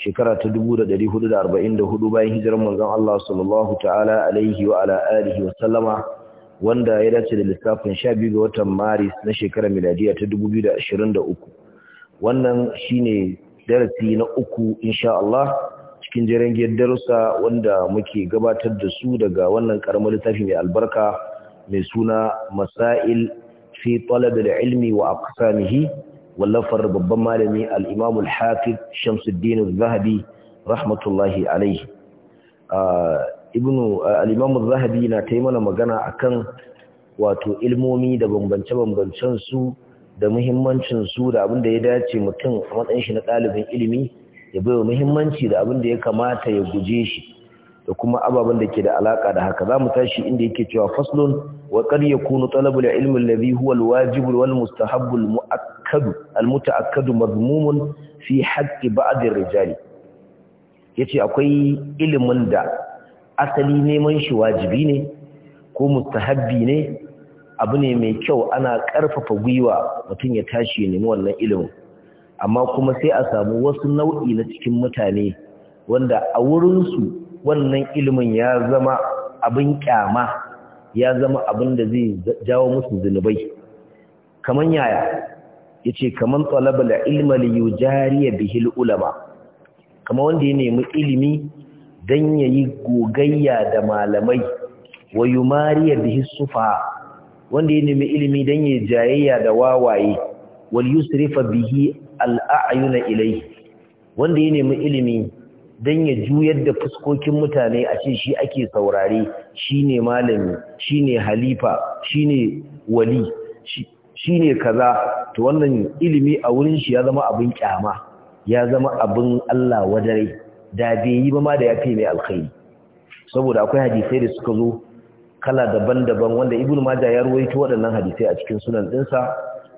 shekara ta 1444 bayan hijirar manzon Allah sallallahu ta'ala alaihi wa ala alihi wa sallama wanda ya dace da lissafin 12 ga watan Maris na shekarar miladiya ta 2023 wannan shine darasi na uku insha Allah cikin jerengiyar darussa wanda muke gabatar da su daga wannan karamar littafi mai albarka mai suna Masail fi talab al-ilmi wa aqsamihi wallafar babban malami al-Imam Shamsuddin zahabi rahmatullahi alaihi. ibnu al zahabi na ta mana magana akan wato ilmomi da bambance-bambancen su da muhimmancin su da abinda ya dace mutum a matsayin shi na ɗalibin ilimi ya baiwa muhimmanci da abinda ya kamata ya guje shi da kuma ababen da ke da alaka da haka za mu tashi inda yake cewa faslun wa ya kunu talabul ilmi alladhi huwa alwajib wal mustahab al المتأكد المتأكد مضموم في حق بعض الرجال yace akwai ilimin da asali neman shi wajibi ne ko mustahabbi ne abu ne mai kyau ana ƙarfafa gwiwa mutum ya tashi ya nemi wannan ilimin amma kuma sai a samu wasu nau'i na cikin mutane wanda a wurinsu wannan ilimin ya zama abin kyama ya zama abin da zai jawo musu zunubai kaman yaya yace kaman talabal ilma li yujariya bihi ulama kama wanda ya nemi ilimi dan yayi gogayya da malamai wa yumariya bihi sufa wanda ya nemi ilimi dan yayi jayayya da wawaye wal yusrifa bihi al a'yuna ilayhi wanda ya nemi ilimi don ya juyar da fuskokin mutane a ce shi ake saurare shi ne malami shi ne halifa shi ne wali shi ne kaza to wannan ilimi a wurin shi ya zama abin kyama ya zama abin Allah wadare da bai yi ba ma da ya fi mai alkhairi saboda akwai hadisai da suka zo kala daban-daban wanda ibn majah ya ruwaito waɗannan hadisai a cikin sunan dinsa,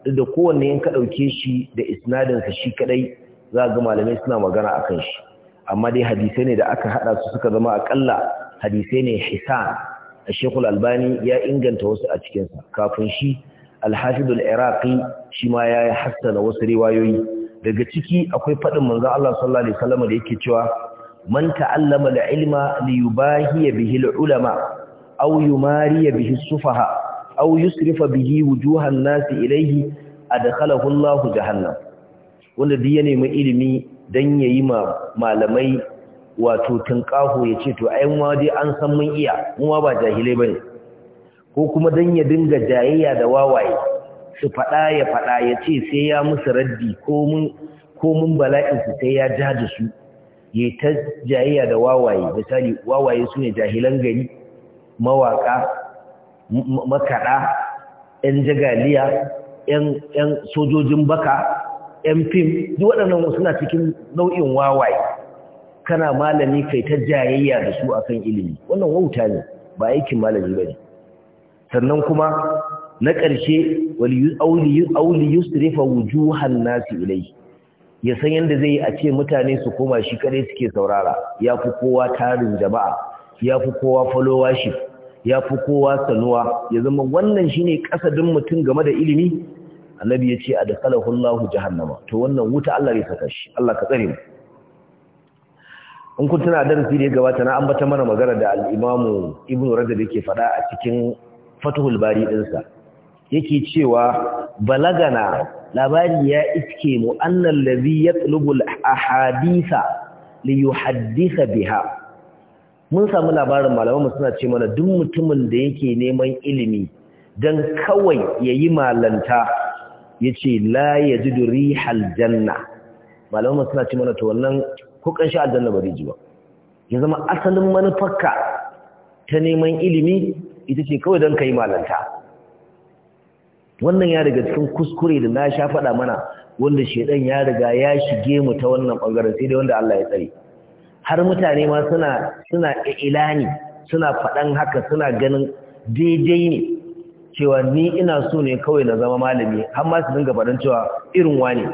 duk da kowanne in ka ɗauke shi da isnadinsa shi kaɗai za ga malamai suna magana a kan shi amma dai hadisai ne da aka haɗa su suka zama kalla. hadisai ne hisan a albani ya inganta wasu a cikinsa kafin shi alhafidul iraqi shi ma ya yi hassana wasu riwayoyi daga ciki akwai faɗin manzan Allah sallallahu Alaihi wasallam da yake cewa man ta'allama ilma li yubahiya bihi ulama aw yumariya bihi sufaha aw yusrifa bihi wujuhan nasi ilayhi adkhalahu Allahu jahannam wanda duk ya nemi ilimi dan yayi ma malamai wato tunƙaho ya ce to ai dai an san mun iya mu ma ba jahilai bane ko kuma don ya dinga jayayya da wawaye su faɗa ya faɗa ya ce sai ya musu raddi ko mun bala'insu sai ya ja su ya ta jayayya da wawaye misali wawaye su ne jahilan gari mawaƙa makaɗa 'yan jagaliya 'yan sojojin baka 'yan fim duk waɗannan suna cikin nau'in wawaye kana malami kai ta jayayya da su akan ilimi wannan wauta ne ba aikin malami ba ne sannan kuma na ƙarshe auli yusrifa wujuhan nasi ilai ya san yadda zai a ce mutane su koma shi kare suke saurara ya fi kowa tarin jama'a ya fi kowa falowa shi ya fi kowa sanuwa ya zama wannan shi ne ƙasadin mutum game da ilimi annabi ya ce a da salahullahu jahannama to wannan wuta Allah ya saka shi Allah ka tsare in kun tana darasi da ya gabata na ambata mana magana da al'imamu ibnu Ibn Rajab yake faɗa a cikin fatuhul bari ɗinsa yake cewa balagana labari ya iske mu annal ladhi yatlubu ahadisa li yuhaddisa biha mun samu labarin malaman mu suna ce mana duk mutumin da yake neman ilimi dan kawai yayi malanta yace la yajidu rihal janna malaman mu suna ce mana to wannan ko kanshi aljanna bari ji ba ya zama asalin manufarka ta neman ilimi ita ce kawai don ka yi malanta wannan ya daga cikin kuskure da na sha faɗa mana wanda shaidan ya riga ya shige mu ta wannan bangaren sai dai wanda Allah ya tsare har mutane ma suna suna ilani suna faɗan haka suna ganin daidai ne cewa ni ina so ne kawai na zama malami har ma su dinga faɗan cewa irin wani?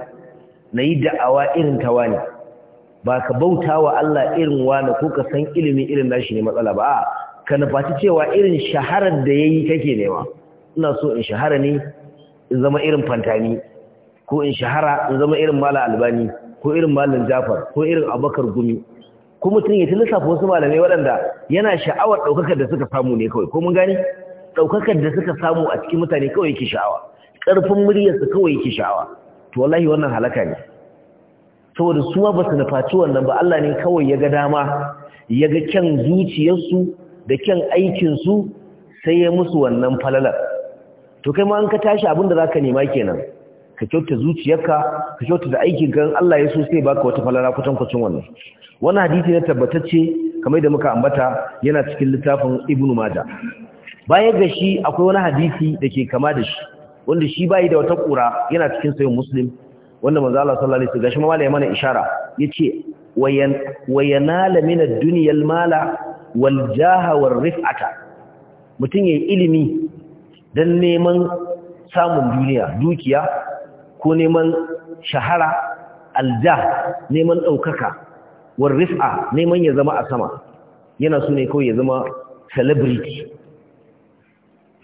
na yi da'awa irin ta wani. ba ka bautawa Allah irin wani ko ka san ilimi irin nashi ne matsala ba ka nufaci cewa irin shaharar da ya yi kake nema ina so in shahara ne in zama irin fantani ko in shahara in zama irin mala albani ko irin malin jafar ko irin abakar gumi ko mutum ya tilisa wasu malamai waɗanda yana sha'awar ɗaukakar da suka samu ne kawai ko mun gani ɗaukakar da suka samu a cikin mutane kawai yake sha'awa ƙarfin muryarsa kawai yake sha'awa to wallahi wannan halaka ne saboda su ma ba su nufaci wannan ba Allah ne kawai ya ga dama ya ga kyan zuciyarsu da kyan aikinsu sai ya musu wannan falalar to kai ma an ka tashi abin da za ka nema kenan ka kyauta zuciyarka ka kyauta da aikin kan Allah ya so sai baka wata falala kutan kwacin wannan Wani hadisi na tabbatacce kamar da muka ambata yana cikin littafin Ibn Majah baya ga shi akwai wani hadisi da ke kama da shi wanda shi bayi da wata ƙura yana cikin sayin Muslim wanda manzo Allah sallallahu alaihi wasallam gashi ma mana ishara yace wayan wayanala min ad-dunya al-mala Waljaha jaha rif'ata mutum yayi ilimi dan neman samun duniya dukiya ko neman shahara aljah neman daukaka wal rif'a neman ya zama a sama yana so ne kawai ya zama celebrity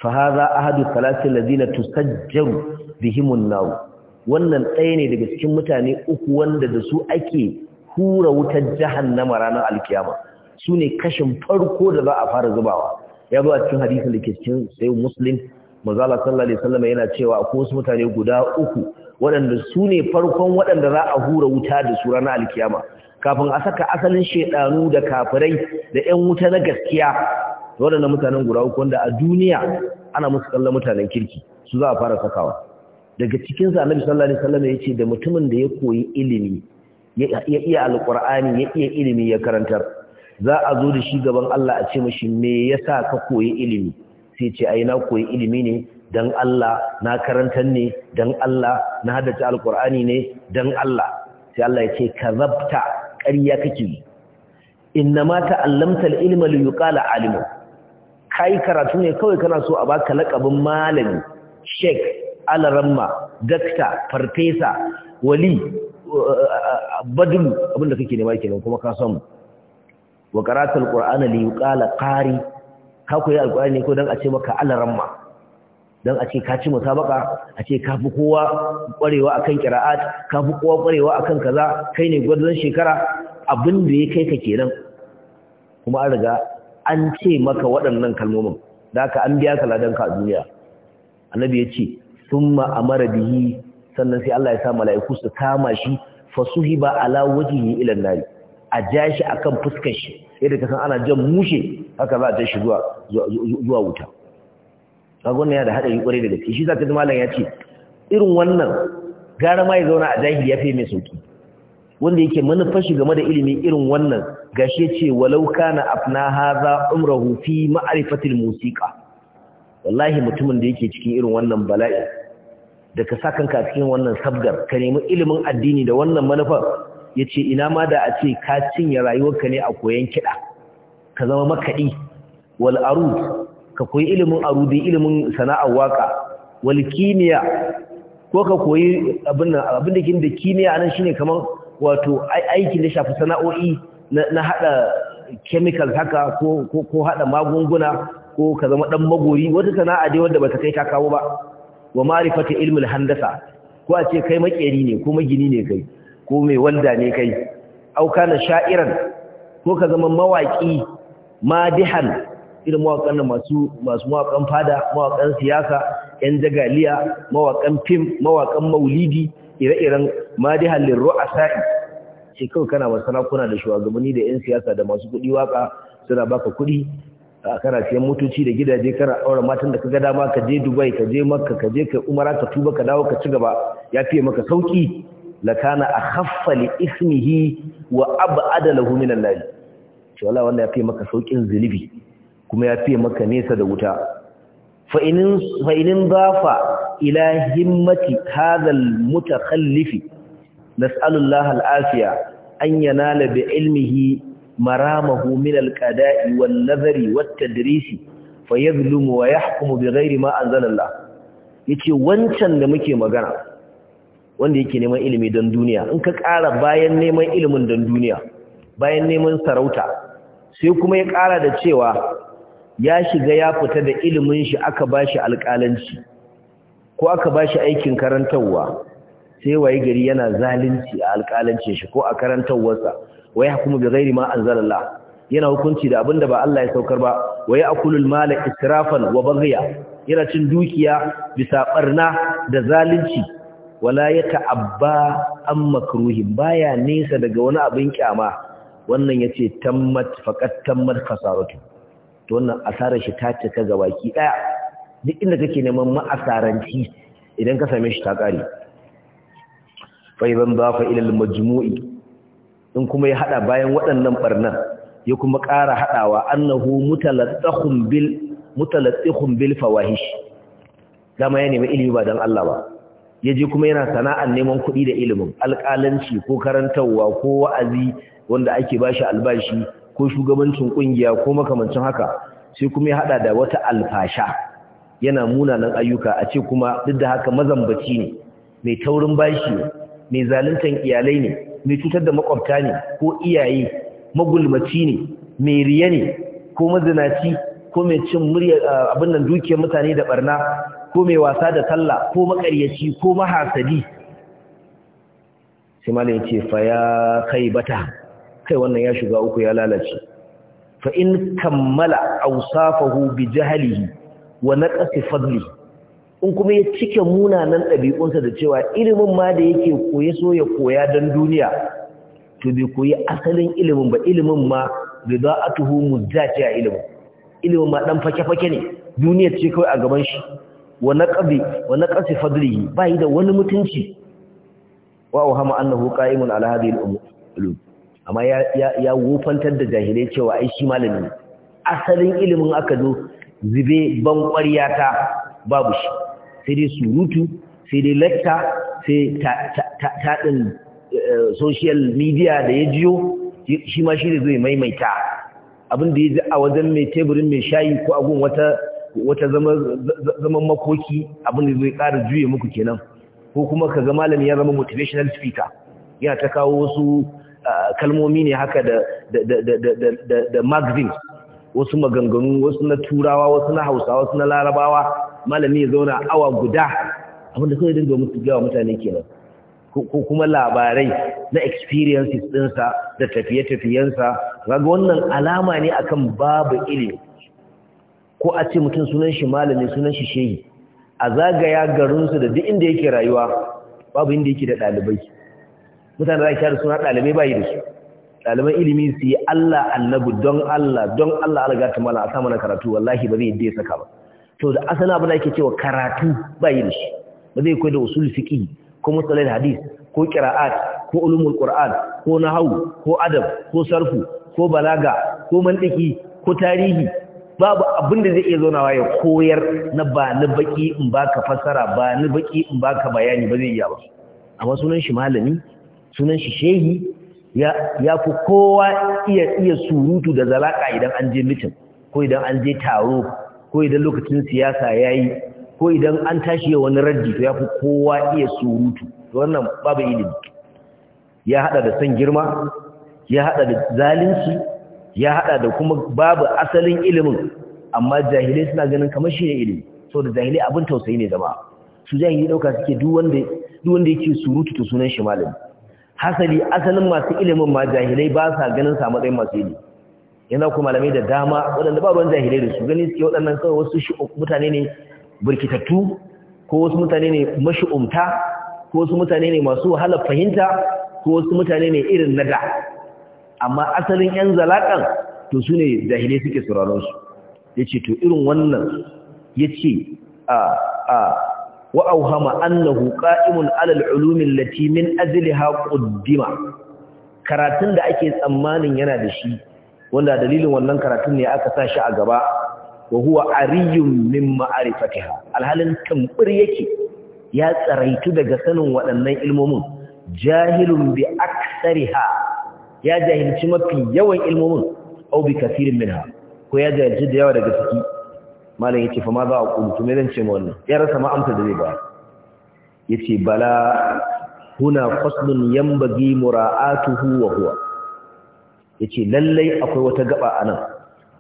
fa hadha ahadu thalathil ladina tusajjaru bihimun nar wannan ɗaya ne daga cikin mutane uku wanda da su ake hura wutar jahannama ranar alkiyama su ne kashin farko da za a fara zubawa ya zuwa cikin hadisin da ke cikin sai muslim mazala sallallahu alaihi wasallam yana cewa akwai wasu mutane guda uku waɗanda su ne farkon waɗanda za a hura wuta da su ranar alkiyama kafin a saka asalin shaidanu da kafirai da ƴan wuta na gaskiya waɗannan mutanen guda uku wanda a duniya ana musu kallon mutanen kirki su za a fara sakawa daga cikin sa annabi sallallahu alaihi wasallam yace da mutumin da ya koyi ilimi ya iya alqur'ani ya iya ilimi ya karantar za a zo da shi gaban Allah a ce mashi me yasa ka koyi ilimi sai ce ai na koyi ilimi ne dan Allah na karantar ne dan Allah na haddace alqur'ani ne dan Allah sai Allah ya ce kazabta ƙarya kake yi innama ta'allamta al-ilma li yuqala alimun kai karatu ne kawai kana so a baka laƙabin malami sheik alramma dakta farfesa wali uh, uh, uh, badul abinda kake nema kenan kuma ka san wa qira'atul qur'ani li yuqala qari ka koyi alqur'ani ko dan a ce maka alramma dan a ce ka ci musabaka a ce ka fi kowa kwarewa akan qira'at ka fi kowa kwarewa akan kaza kai ne gwarzon shekara abin da ya kai ka kenan kuma an riga an ce maka waɗannan kalmomin da ka an biya ka ladan ka a duniya annabi ya ce summa amara bihi sannan sai Allah ya sa mala'iku su kama shi fasuhiba ala wajhihi ila nari a ja shi akan fuskar shi yadda ka san ana jan mushe haka za a ja shi zuwa wuta ragon wannan yana da hadari kwarai da gaske shi za ji malam ya ce irin wannan gara ma ya zauna a jahili ya fi mai sauki wanda yake manufar shi game da ilimi irin wannan gashi ya ce walau kana afna hadha umruhu fi ma'rifatil Musika. wallahi mutumin da yake cikin irin wannan bala'i da ka sa kanka cikin wannan sabgar ka nemi ilimin addini da wannan manufar ya ce ina ma da a ce ka cinye rayuwarka ne a koyon kiɗa ka zama makaɗi wal arud ka koyi ilimin arudi ilimin sana'ar waka wal kimiyya ko ka koyi abin da kin da kimiyya anan shine kamar wato aikin da shafi sana'o'i na hada chemicals haka ko ko hada magunguna ko ka zama dan magori wata sana'a dai wanda ta kai ta kawo ba wa ma'rifati ilmul handasa ko a ce kai makeri ne ko magini ne kai ko mai wanda ne kai auka na sha'iran ko ka zama mawaƙi madihan irin mawaƙan nan masu masu mawaƙan fada mawaƙan siyasa yan jagaliya mawaƙan fim mawaƙan maulidi ire-iren madihan lirru'asa'i ce kawai kana ba sarakuna da shugabanni da yan siyasa da masu kuɗi waka suna baka kuɗi kana siyan motoci da gidaje kana aure matan da ka ga dama ka je Dubai ka je Makka ka je kai Umara ka tuba ka dawo ka ci gaba ya fiye maka sauki lakana a li ismihi wa ab'ada lahu min an-nar to Allah maka saukin zunubi. kuma yafi maka nesa da wuta fa zafa fa inin dafa ila himmati hadha al-mutakhallif Na Allah al an yanala bi ilmihi maramahu min al-qada'i wal nazari wata tadrisi fa yadhlumu wa yahkumu bi ghairi ma anzala Allah yace wancan da muke magana wanda yake neman ilimi don duniya in ka ƙara bayan neman ilimin don duniya bayan neman sarauta sai kuma ya ƙara da cewa ya shiga ya fita da ilimin shi aka ba shi alƙalanci ko aka ba shi aikin karantarwa sai waye gari yana zalunci a alƙalancin shi ko a karantarwarsa wai hukumu bi ghairi ma anzalallah yana hukunci da abinda ba Allah ya saukar ba wai akulul mala israfan wa baghiya yana cin dukiya bisa barna da zalunci wala ya ta'abba an makruhin baya nesa daga wani abin kyama wannan yace tammat faqat tammat fasaratu to wannan asarar shi ta cika ga baki daya duk inda kake neman ma'asaranci idan ka same shi ta kare fa idan dafa ila al-majmu'i in kuma ya hada bayan waɗannan barnan ya kuma ƙara hadawa annahu mutalattakhun bil mutalattakhun bil fawahish dama ya nemi ilimi ba dan Allah ba ya je kuma yana sana'ar neman kuɗi da ilimin alƙalanci ko karantarwa ko wa'azi wanda ake bashi albashi ko shugabancin ƙungiya ko makamancin haka sai kuma ya haɗa da wata alfasha yana munanan ayyuka a ce kuma duk da haka mazambaci ne mai taurin bashi ne mai zaluntan iyalai ne mai cutar da makwabta ne ko iyaye magulmaci ne mai riya ne ko mazinaci ko mai cin murya abin nan dukiyar mutane da barna ko mai wasa da sallah ko makaryaci ko mahasadi sai malai ce fa ya kai bata kai wannan ya shiga uku ya lalace fa in kammala awsafahu bi jahlihi wa naqsi fadli in kuma ya cike munanan dabi'unsa da cewa ilimin ma da yake koye so ya koya dan duniya to bai koyi asalin ilimin ba ilimin ma rida'atuhu mujjati a ilimin ilimin ma dan fake-fake ne duniyar ce kawai a gaban shi wa naqbi wa naqsi fadlihi bai da wani mutunci wa hama annahu qa'imun ala hadhihi al-umur amma ya ya wufantar da jahilai cewa ai shi malami asalin ilimin aka zo zube ban ta babu shi sai dai surutu sai dai lecture sai din eh, social media da ya jiyo shi ma shi ne zai maimaita abin da ya ji a wajen mai teburin mai shayi ko a gun wata wata zaman makoki abinda zai ƙara juye muku kenan ko kuma ka ga malami ya zama motivational speaker yana ta kawo wasu kalmomi ne haka da magazine wasu maganganu wasu na turawa wasu na hausawa wasu na larabawa malami ya zauna awa guda abinda da kawai dinga mutu gawa mutane kenan ko kuma labarai na experiences ɗinsa da tafiye-tafiyensa raga wannan alama ne akan babu ilimi ko a ce mutum sunan shi malami sunan shi shehi a zagaya garinsu da duk inda yake rayuwa babu inda yake da ɗalibai mutane za ki tare suna ɗalibai bayi da su ɗaliban ilimi su yi Allah annabu don Allah don Allah alga ta mala a sa mana karatu wallahi ba zai yadda ya saka ba to da asana abin da ake cewa karatu bayi da shi ba zai koyi da usul fiqh ko musalal hadis ko qira'at ko ulumul qur'an ko nahwu ko adab ko sarfu ko balaga ko mantiki ko tarihi babu abin da zai iya zaunawa ya koyar na ba ni baki in baka fasara ba ni baki in baka bayani ba zai iya ba amma sunan shi malami sunan shi shehi ya ya fi kowa iya iya surutu da zalaka idan an je mitin ko idan an je taro ko idan lokacin siyasa yayi ko idan an tashi ya wani raddi to ya fi kowa iya surutu to wannan babu ilimi ya hada da san girma ya hada da zalunci ya hada da kuma babu asalin ilimin amma jahilai suna ganin kamar shi ne ilimi saboda jahilai abin tausayi ne zama su jahilai dauka suke duk wanda duk wanda yake surutu to sunan shi malami hasali asalin masu ilimin ma jahilai ba sa ganin sa matsayin masu ilimi yana kuma malamai da dama waɗanda ba ruwan jahilai da su gani suke waɗannan kawai wasu mutane ne burkitattu ko wasu mutane ne mashi'umta ko wasu mutane ne masu wahalar fahimta ko wasu mutane ne irin nada. amma asalin yan zalakan to su ne dahilai suke sauraron su ce to irin wannan yace a a wa auhama annahu qa'imun 'ala al-'ulumi min ajliha quddima karatun da ake tsammanin yana da shi wanda dalilin wannan karatun ne aka sa shi a gaba wa huwa ariyun min ma'rifatiha alhalin tambur yake ya tsaraitu daga sanin waɗannan ilmomin jahilun bi aksariha ya jahilci mafi yawan ilmomin au bi kafirin minha ko ya jahilci da yawa daga ciki malam yace fa ma za a kulu to me zan ce ma wannan ya rasa ma amsa da zai ba yace bala huna faslun yanbaghi mura'atuhu wa huwa yace lallai akwai wata gaba anan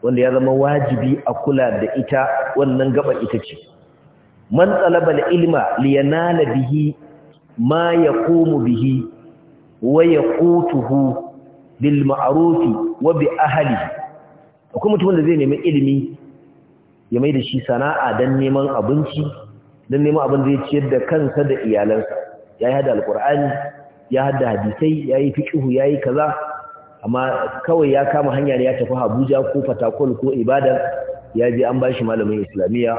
wanda ya zama wajibi a kula da ita wannan gaba ita ce man talaba al-ilma liyanala bihi ma yaqumu bihi wa yaqutuhu bil ma'arufi wa bi ahali akwai mutumin da zai nemi ilimi ya mai da shi sana'a don neman abinci don neman abin da zai ciyar da kansa da iyalansa yayi hada alkur'ani ya hada hadisai yayi yi yayi kaza amma kawai ya kama hanya ne ya tafi abuja ko fatakol ko ibadan ya je an bashi malamin islamiyya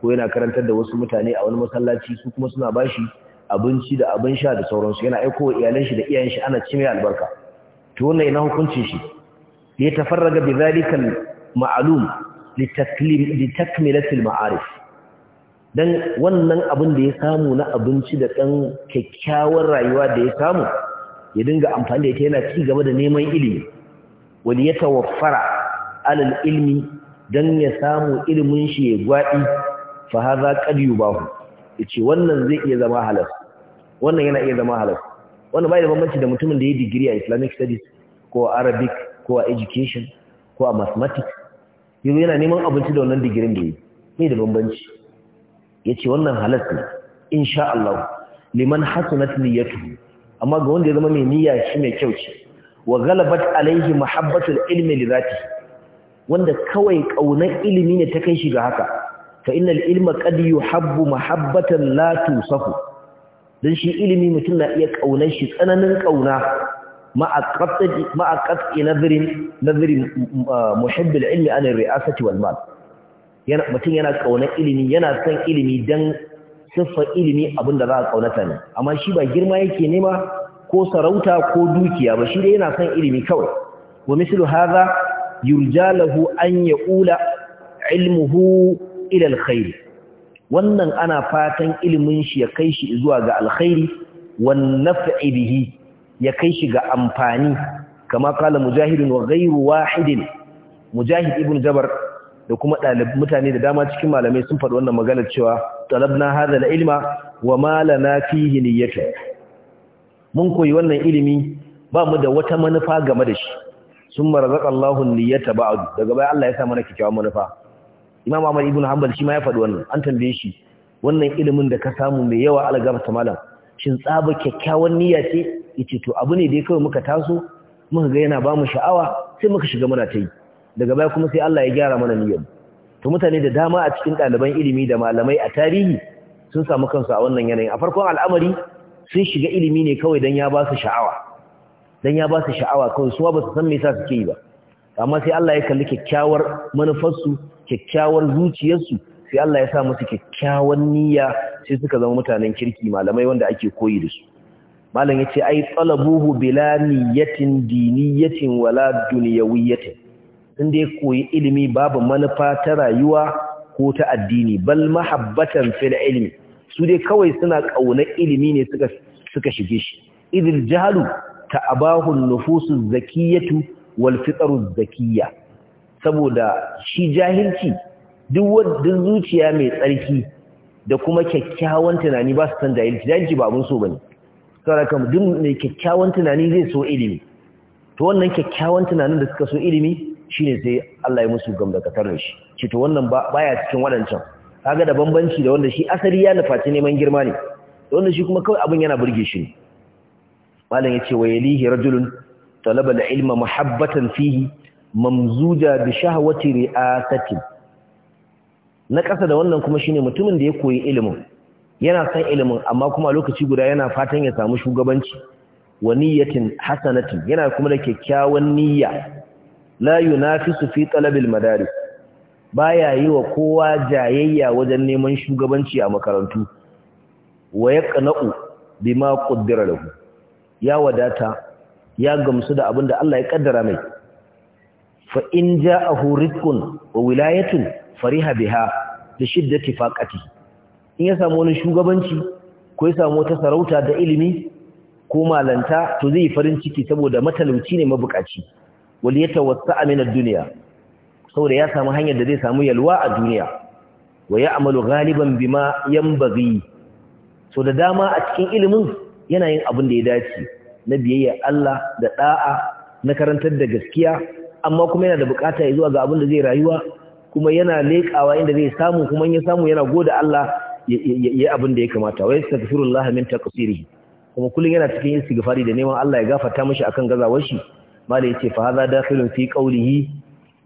ko yana karantar da wasu mutane a wani masallaci su kuma suna bashi abinci da abin sha da sauransu yana aikowa wa iyalan shi da iyayen shi ana cime albarka to wannan yana hukuncin shi ya tafarraga bi zalika ma'lum li taklim li takmilati maarif dan wannan abin da ya samu na abinci da dan kyakkyawar rayuwa da ya samu ya dinga amfani da ita yana ci gaba da neman ilimi wani ya tawaffara alal ilmi dan ya samu ilimin shi ya gwadi fa hadha qad yubahu yace wannan zai iya zama halal wannan yana iya zama halal wannan bai da bambanci da mutumin da ya digiri a Islamic studies ko arabic ko a education ko a mathematics yanzu yana neman abinci da wannan digirin da yi ne da bambanci ya ce wannan halas ne insha Allah liman hasunat niyyatu amma ga wanda ya zama mai niyya shi mai kyau ce wa galabat alaihi mahabbatul ilmi li zati wanda kawai ƙaunar ilimi ne ta kai shi ga haka fa innal ilma qad yuhabbu mahabbatan la tusafu dan shi ilimi mutum na iya kaunar shi tsananin kauna مع قطع نظر نظر محب العلم عن الرئاسة والمال mutum yana kauna ilimi yana son ilimi dan siffan ilimi abinda za a kaunata ne amma shi ba girma yake nema ko sarauta ko dukiya ba shi dai yana son ilimi kawai wa mislu hadha yurja lahu an yaqula ilmuhu ila alkhair wannan ana fatan ilimin shi ya kai shi zuwa ga alkhairi wan naf'i bihi ya kai shi ga amfani kama kala mujahidin wa ghairu wahidin mujahid ibn jabar da kuma mutane da dama cikin malamai sun faɗi wannan maganar cewa talabna hadha al-ilma wa ma lana fihi niyyatu mun koyi wannan ilimi ba mu da wata manufa game da shi sun marazaka Allahu niyyata ba'd daga baya Allah ya sa mana kikkiawar manufa Imam Ahmad ibn Hanbal shi ma ya faɗi wannan an tambaye shi wannan ilimin da ka samu mai yawa algarta malam shin tsaba kikkiawar niyya ce yace to abu ne da kawai muka taso muka ga yana ba mu sha'awa sai muka shiga muna ta yi daga baya kuma sai Allah ya gyara mana niyyar to mutane da dama a cikin ɗaliban ilimi da malamai a tarihi sun samu kansu a wannan yanayin a farkon al'amari sun shiga ilimi ne kawai don ya ba su sha'awa don ya ba su sha'awa kawai su ba su san me yasa suke yi ba amma sai Allah ya kalli kyakkyawar manufarsu kyakkyawar zuciyarsu sai Allah ya sa musu kyakkyawan niyya sai suka zama mutanen kirki malamai wanda ake koyi da su malam ce ai talabuhu bila niyatin diniyatin wala dunyawiyatin inda dai koyi ilimi babu manufa ta rayuwa ko ta addini bal mahabbatan fil ilmi su dai kawai suna kauna ilimi ne suka suka shige shi idil jahalu ta abahu nufusu zakiyatu wal fitaru zakiyya saboda shi jahilci duk wadda zuciya mai tsarki da kuma kyakkyawan tunani ba su san jahilci jahilci ba abun so bane saboda kan duk mai kyakkyawan tunani zai so ilimi to wannan kyakkyawan tunanin da suka so ilimi shine sai Allah ya musu gamdakatar da shi ce to wannan baya cikin wadancan kaga da bambanci da wanda shi asali ya nufaci neman girma ne wanda shi kuma kawai abin yana burge shi ne malam yace wa yalihi rajulun talaba al-ilma mahabbatan fihi mamzuja bi shahwati ri'asati na kasa da wannan kuma shine mutumin da ya koyi ilimin yana san ilimin amma kuma lokaci guda yana fatan ya samu shugabanci wa niyyatin hasanatin yana kuma da kyakkyawan niyya la yunafisu fi talabil madaris baya yi wa kowa jayayya wajen neman shugabanci a makarantu wa yaqna'u bima quddira lahu ya wadata ya gamsu da abin da Allah ya kaddara mai fa in ja'ahu rizqun wa wilayatun fariha biha bi shiddati faqatihi in ya samu wani shugabanci ko ya samu wata sarauta da ilimi ko malanta to zai farin ciki saboda matalauci ne mabukaci wal yatawassa min ad-dunya saboda ya samu hanyar da zai samu yalwa a duniya wa ya'malu ghaliban bima yanbaghi so da dama a cikin ilimin yana yin abin da ya dace na biyayya Allah da da'a na karantar da gaskiya amma kuma yana da bukata ya zuwa ga abin da zai rayuwa kuma yana leƙawa inda zai samu kuma in ya samu yana gode Allah yi abin da ya kamata wai astaghfirullah min taqsirihi kuma kullun yana cikin istighfari da neman Allah ya gafarta mishi akan gazawar shi mala yace fa hadha dakhilun fi qawlihi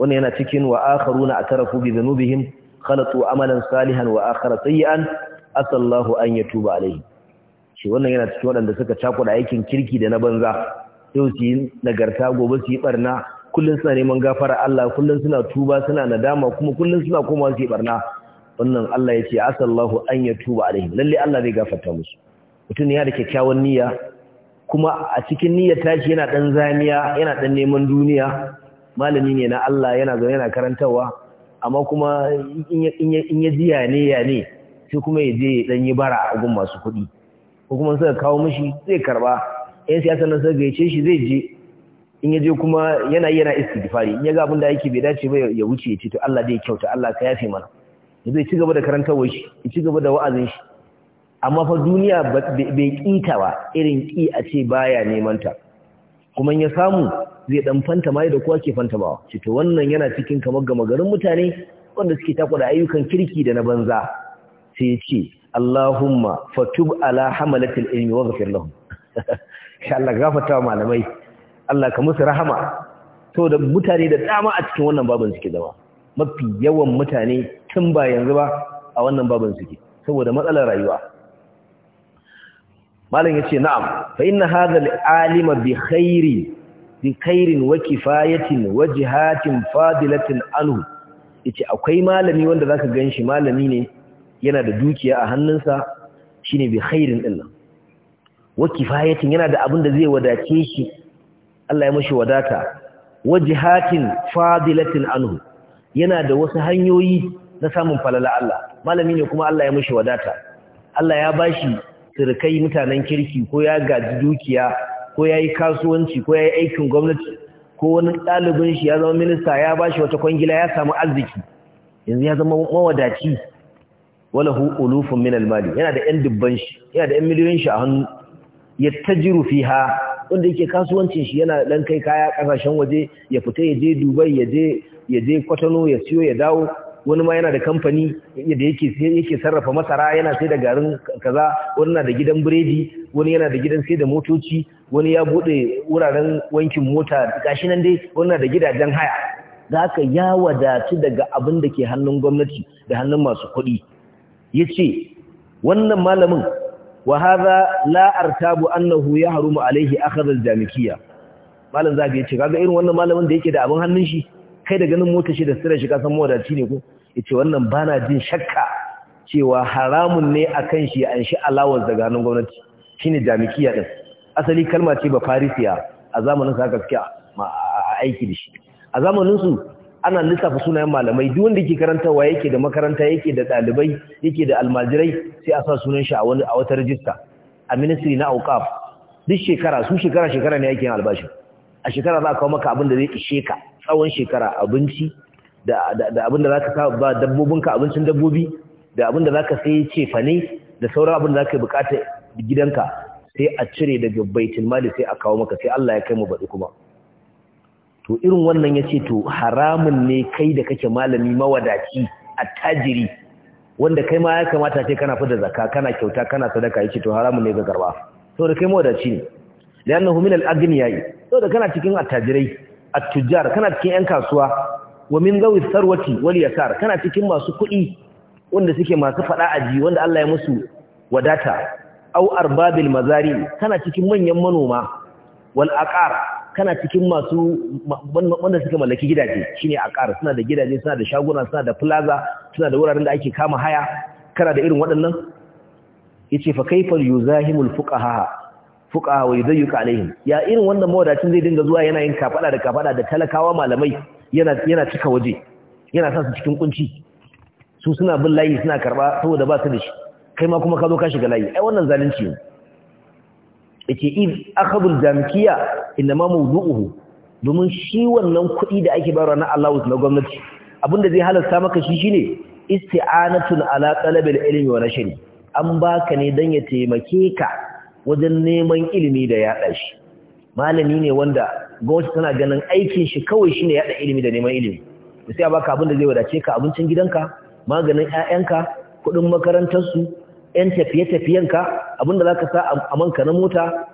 wannan yana cikin wa akharuna atarafu bi dhunubihim khalatu amalan salihan wa akhara sayyi'an asallahu an yatuba alayhi shi wannan yana cikin wadanda suka cakuda aikin kirki da na banza yau su yi nagarta gobe su yi barna kullun suna neman gafara Allah kullun suna tuba suna nadama kuma kullun suna komawa su yi barna wannan Allah ya ce asallahu an ya tuba alaihim lalle Allah zai gafarta musu mutum ya da kyakkyawan niyya kuma a cikin niyyar tashi yana dan zamiya yana dan neman duniya malami ne na Allah yana zo yana karantawa amma kuma in ya jiya ne ya ne sai kuma ya je dan yi bara a gun masu kuɗi ko kuma suka kawo mishi zai karba yan siyasa nan suka gaice shi zai je in ya je kuma yana yana istighfari in ya ga abin da yake bai dace ba ya wuce ya ce to Allah dai kyauta Allah ka yafe mana zai ci gaba da wa shi ya ci gaba da wa'azin shi amma fa duniya bai ƙita ba irin ƙi a ce baya neman ta kuma ya samu zai ɗan fanta mai da kowa ke fanta ba ce to wannan yana cikin kamar gama garin mutane wanda suke takwada ayyukan kirki da na banza sai ya ce Allahumma fatub ala hamalatil ilmi waghfir lahum insha Allah gafata malamai Allah ka musu rahama To da mutane da dama a cikin wannan babin suke zama mafi yawan mutane tun ba yanzu ba a wannan babin suke saboda matsalar rayuwa malam yace na'am fa inna hadha al-alima bi khairi bi khairin wa kifayatin wa jihatin fadilatin anhu yace akwai malami wanda zaka ganshi malami ne yana da dukiya a hannunsa shine bi khairin din nan wa kifayatin yana da abin da zai wadace shi Allah ya mashi wadata wa jihatin fadilatin anhu yana da wasu hanyoyi na samun falala Allah malami ne kuma Allah ya mishi wadata Allah ya bashi sirkai mutanen kirki ko ya gaji dukiya ko ya yi kasuwanci ko ya yi aikin gwamnati ko wani ɗalibin shi ya zama minista ya bashi wata kwangila ya samu arziki yanzu ya zama mawadaci hu ulufun min almali yana da yan dubban shi yana da yan miliyoyin shi a hannu ya tajiru fiha wanda yake kasuwancin shi yana dan kai kaya kasashen waje ya fita ya je Dubai ya je ya je Kwatano ya siyo ya dawo wani ma yana da kamfani da yake sarrafa masara yana sai da garin kaza wani na da gidan biredi wani yana da gidan sai da motoci wani ya bude wuraren wankin mota gashi nan dai wani na da gidajen haya da haka ya wadatu daga abin da ke hannun gwamnati da hannun masu kuɗi yace wannan malamin wa hadha la artabu annahu yahrumu alayhi akhadh al-jamikiyya malam zabi yace kaga irin wannan malamin da yake da abin hannun shi kai da ganin mota shi da sirar shi ka san mawadaci ne ko yace wannan bana jin shakka cewa haramun ne akan shi an shi alawar daga gwamnati shine jamikiya din asali kalma ce ba farisiya a zamanin sa gaskiya aiki da shi a zamanin su ana lissafa sunayen malamai duk wanda yake karantawa yake da makaranta yake da dalibai yake da almajirai sai a sa sunan shi a wani a wata rajista a ministry na auqaf duk shekara su shekara shekara ne yake yin albashi a shekara za a kawo maka abin da zai ishe ka tsawon shekara abinci da abin da za ka sa ba dabbobinka abincin dabbobi da abin da za ka sai cefa ne da sauran abin da za ka bukata gidanka sai a cire daga baitin mali sai a kawo maka sai Allah ya kai mu baɗi kuma to irin wannan ya ce to haramun ne kai da kake malami mawadaci attajiri wanda kai ma ya kamata ce kana fita zaka, kana kyauta kana sadaka yace to haramun ne ga garba da kai mawadaci ne li'annahu min al sau da kana cikin attajirai at-tujjar kana cikin yan kasuwa wa min zawi sarwati wal yasar kana cikin masu kuɗi wanda suke masu fada aji wanda Allah ya musu wadata au arbabil mazari kana cikin manyan manoma wal aqar kana cikin masu wanda suka mallaki gidaje shine aqar suna da gidaje suna da shaguna suna da plaza suna da wuraren da ake kama haya kana da irin waɗannan yace fa kayfa yuzahimul fuqaha fuqaha wa yudayyuka alaihim ya irin wanda mawadacin zai dinga zuwa yana yin kafada da kafada da talakawa malamai yana cika waje yana sa su cikin kunci su suna bin layi suna karba saboda ba su da shi kai ma kuma ka zo ka shiga layi ai wannan zalunci ne yake id akhadul jamkiya inma mawdu'uhu domin shi wannan kuɗi da ake bayarwa na Allah na gwamnati abinda zai halarta maka shi shine isti'anatun ala talabil ilmi wa nashri an baka ne dan ya taimake ka wajen neman ilimi da yaɗa shi malami ne wanda gwamnati tana ganin aikin shi kawai shi ne yada ilimi da neman ilimi sai a baka abin da zai wadace ka abincin gidanka maganin ƴaƴanka kuɗin makarantarsu ƴan tafiye-tafiyenka abin da zaka sa a manka na mota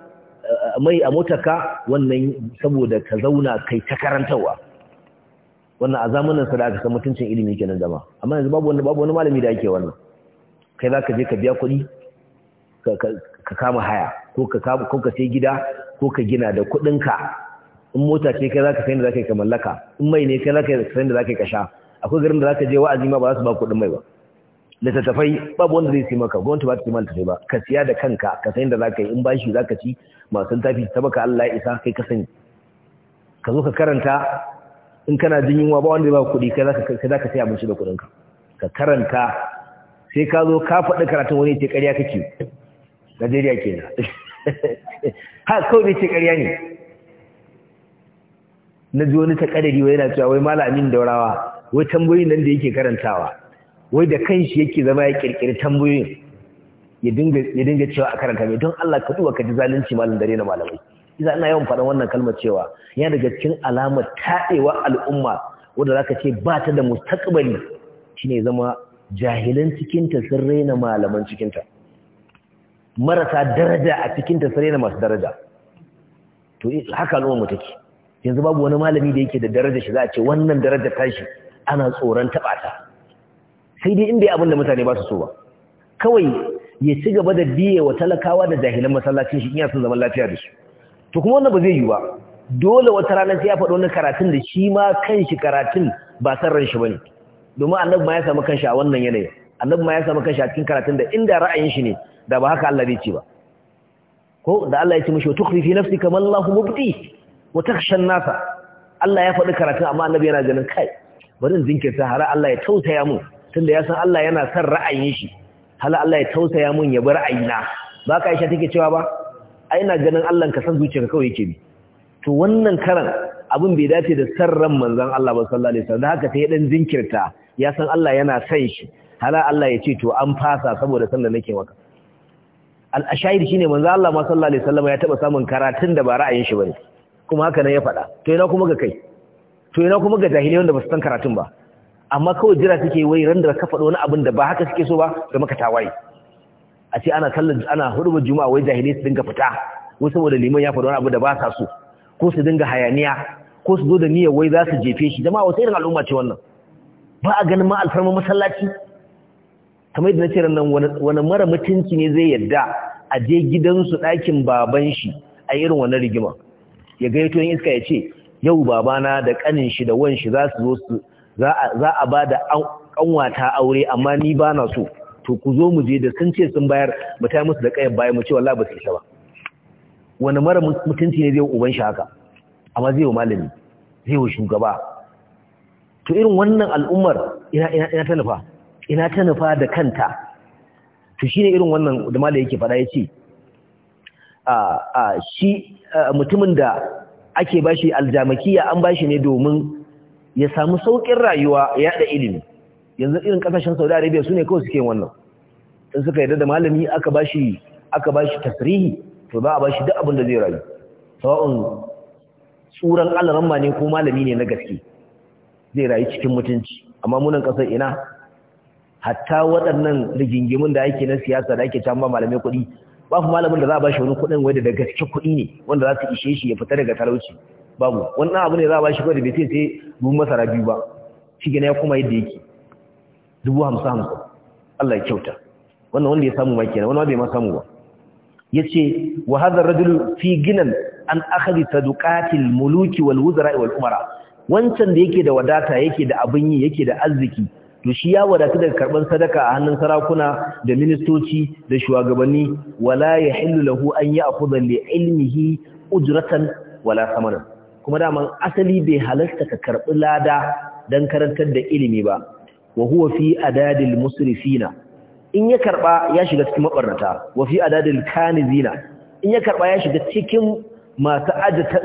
mai a motarka wannan saboda ka zauna kai ta karantarwa wannan a zamanin sa da aka san mutuncin ilimi kenan zama amma yanzu babu wani malami da ake wannan kai zaka je ka biya kuɗi ka kama haya ko ka kama ko ka sai gida ko ka gina da kuɗinka in mota ce kai zaka san da zaka ka mallaka in mai ne kai zaka san da zaka ka sha akwai garin da zaka je wa'azi ma ba za su ba kuɗin mai ba littattafai babu wanda zai sai maka gwamnati ba ta sai maka ba ka siya da kanka ka san da zaka yi in bashi zaka ci masu tafi ta baka Allah ya isa kai ka sani ka zo ka karanta in kana jin yunwa ba wanda zai ba kuɗi kai zaka kai zaka sai abinci da kuɗinka ka karanta sai ka zo ka faɗi karatun wani ce ƙarya kake najeriya kenan ha kawai ce ƙarya ne na ji wani takarari wai yana cewa wai malamin daurawa wai tambayoyin nan da yake karantawa wai da kanshi yake zama ya ƙirƙiri tambayoyin ya dinga cewa a karanta mai don Allah ka duba ka ji zalunci malam dare na malamai isa ina yawan faɗan wannan kalmar cewa yana daga cikin alamar taɗewa al'umma wanda ka ce ba ta da mustaqbali shine zama jahilan cikinta sun raina malaman cikinta marasa daraja a cikin ta na masu daraja to eh, haka al'umma take yanzu babu wani malami da yake da daraja shi za a ce wannan daraja tashi ana tsoron taɓa ta sai dai inda abin da mutane ba su so ba kawai ya ci gaba da biye wa talakawa da jahilan masallacin shi iya sun zaman lafiya da shi. to kuma wannan ba zai yi ba dole wata rana sai ya faɗo wani karatun da shi ma kan shi karatun ba san ran shi ba ne. domin annabi ma ya samu shi a wannan yanayin annabi ma ya samu kashi a cikin karatun da inda ra'ayin shi ne da ba haka Allah bai ce ba ko da Allah ya ce mishi tukhfi fi nafsi kama Allah mubdi wa takhsha an-nasa Allah ya faɗi karatun amma annabi yana ganin kai bari in zinkirta har Allah ya tausaya mun tunda ya san Allah yana san ra'ayin shi hala Allah ya tausaya mun ya bar ayina ba ka Aisha take cewa ba ai ina ganin Allah ka san zuciyarka kawai yake bi to wannan karan abin bai dace da san ran manzon Allah ba sallallahu alaihi wasallam haka sai dan zinkirta ya san Allah yana son shi hala Allah ya ce to an fasa saboda sallar nake waka al-ashayir shine manzo Allah ma sallallahu alaihi wasallam ya taba samun karatun da ba ra'ayin shi bane kuma haka nan ya faɗa to ina kuma ga kai to ina kuma ga jahili wanda ba su san karatun ba amma kawai jira suke wai ran da ka faɗo wani abin da ba haka suke so ba da maka tawaye a ce ana sallar ana hudubar juma'a wai jahili su dinga fita wai saboda liman ya faɗo wani abu da ba sa so ko su dinga hayaniya ko su zo da niyyar wai za su jefe shi jama'a wata irin al'umma ce wannan ba a ganin ma alfarma masallaci kamar yadda na ce nan wani mara mutunci ne zai yadda a je gidansu ɗakin baban shi a irin wani rigima ya gaito yin iska ya ce yau babana da ƙanin shi da wan shi za su zo su za a ba da ƙanwata aure amma ni ba na so to ku zo mu je da sun ce sun bayar mu ta musu da ƙayar bayan mu ce wallahi ba su isa ba wani mara mutunci ne zai uban shi haka amma zai wa malami zai wa shugaba to irin wannan al'ummar ina ina ina ta nufa ina ta nufa da kanta to shine irin wannan da mala yake fada ya a shi mutumin da ake bashi aljamakiya an bashi ne domin ya samu saukin rayuwa ya da ilimi yanzu irin kasashen Saudi Arabia sune kawai suke wannan in suka yarda da malami aka bashi aka bashi tasrihi to ba a bashi duk abin da zai rayu sawa'un tsuran alaramma ne ko malami ne na gaske zai rayu cikin mutunci amma munan ƙasar ina hatta waɗannan rigingimin da ake na siyasa da ake can ba malamai kuɗi ba fi malamin da za a bashi wani kuɗin wai da gaske kuɗi ne wanda za su ishe shi ya fita daga talauci babu wannan abu ne za a bashi shi da bai sai sai buhun masara biyu ba shi gina ya kuma yadda yake dubu hamsin hamsin Allah ya kyauta wannan wanda ya samu ma kenan wani bai ma samu ba ce wa hadar ar fi ginan an akhadhi dukatin muluki wal wuzara wal umara wancan da yake da wadata yake da abin yi yake da arziki to shi ya wadatu daga karɓar sadaka a hannun sarakuna da ministoci da shugabanni wala ya hillu lahu an ya'khudha li ilmihi ujratan wala samanan kuma daman asali bai halasta ka karbi lada dan karantar da ilimi ba wa huwa fi adadil musrifina in ya karba ya shiga cikin mabarnata wa fi adadil kanizina in ya karba ya shiga cikin masu